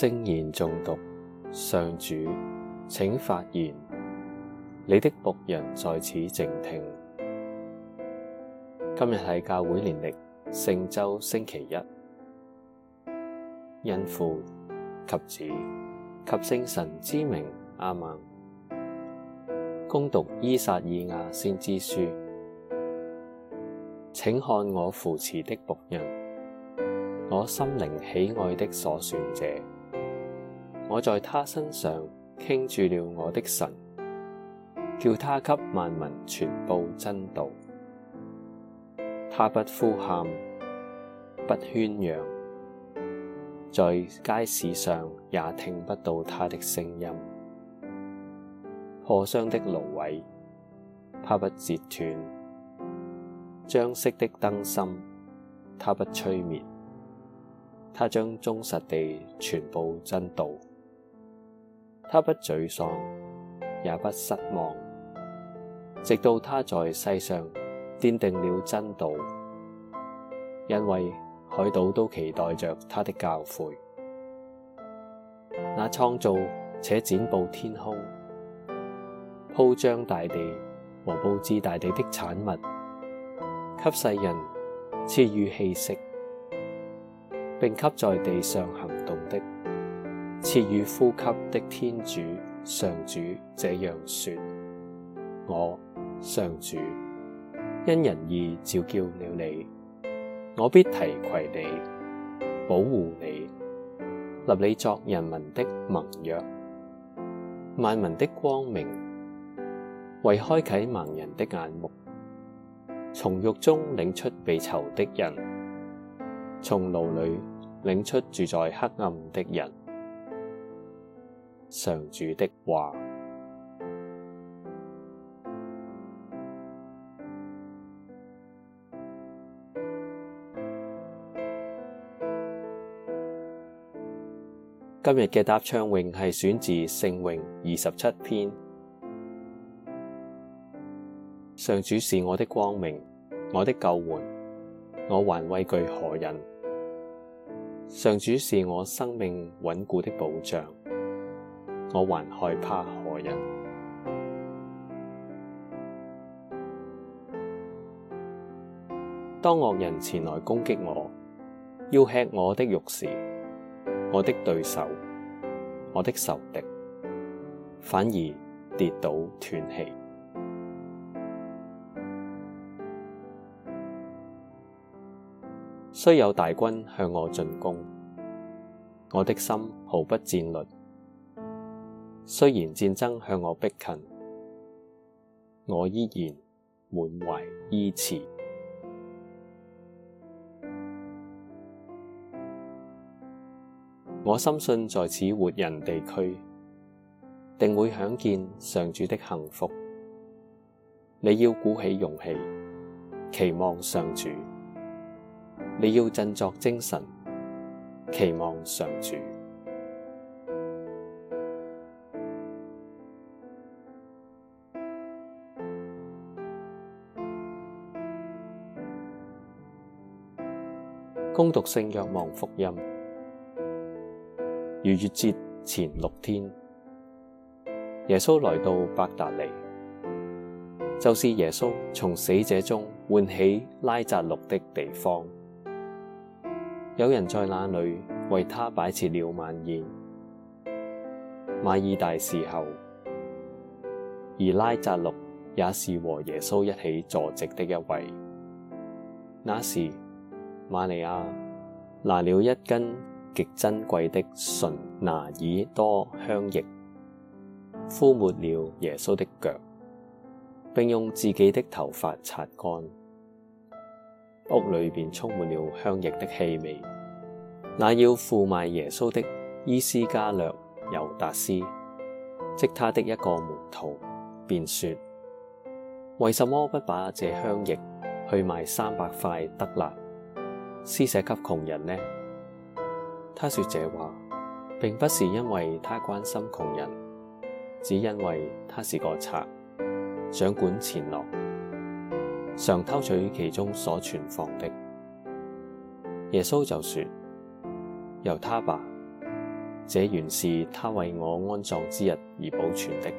聖言誦讀，上主，請發言，你的僕人在此靜聽。今日係教會年曆聖周星期一，因父及子及聖神之名，阿們。恭讀依撒意亞先知書，請看我扶持的僕人，我心靈喜愛的所選者。我在他身上傾注了我的神，叫他給萬民傳佈真道。他不呼喊，不喧養嚷，在街市上也聽不到他的聲音。破傷的蘆葦，他不折斷；將熄的燈心，他不吹滅。他將忠實地傳佈真道。他不沮喪，也不失望，直到他在世上奠定了真道，因為海島都期待着他的教誨。那創造且展布天空、鋪張大地和布置大地的產物，給世人賜予氣息，並給在地上行。賜予呼吸的天主、上主這樣說：我，上主，因仁義召叫了你，我必提攜你，保護你，立你作人民的盟約，萬民的光明，為開啟盲人的眼目，從獄中領出被囚的人，從牢裏領出住在黑暗的人。上主的話，今日嘅答唱詠係選自聖詠二十七篇。上主是我的光明，我的救援，我還畏懼何人？上主是我生命穩固的保障。我還害怕何人？當惡人前來攻擊我，要吃我的肉時，我的對手、我的仇敵，反而跌倒斷氣。雖有大軍向我進攻，我的心毫不戰慄。雖然戰爭向我迫近，我依然滿懷依恃。我深信在此活人地區，定會享見上主的幸福。你要鼓起勇氣，期望上主；你要振作精神，期望上主。恭讀聖若望福音，逾越節前六天，耶穌來到伯達尼，就是耶穌從死者中喚起拉匝祿的地方。有人在那裏為他擺設了晚宴，馬爾大伺候，而拉匝祿也是和耶穌一起坐席的一位。那時，瑪利亞拿了一斤極珍貴的純拿爾多香液，敷抹了耶穌的腳，並用自己的頭髮擦乾。屋裏邊充滿了香液的氣味。那要負賣耶穌的依斯加略猶達斯，即他的一個門徒，便說：為什麼不把這香液去賣三百塊德納？施捨給窮人呢？他說這話，並不是因為他關心窮人，只因為他是個賊，掌管錢囊，常偷取其中所存放的。耶穌就說：由她吧，這原是她為我安葬之日而保存的。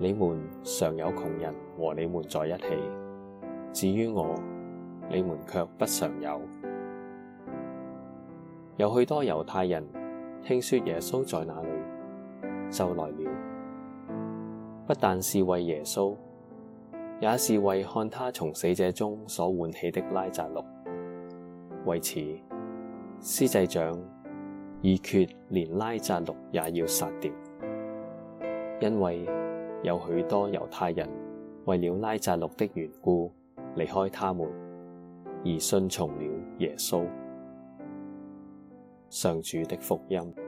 你們常有窮人和你們在一起，至於我。你們卻不常有。有許多猶太人聽說耶穌在那裡，就來了。不但是為耶穌，也是為看他從死者中所喚起的拉匝祿。為此，司祭長議決連拉匝祿也要殺掉，因為有許多猶太人為了拉匝祿的緣故，離開他們，而信從了耶穌。上主的福音。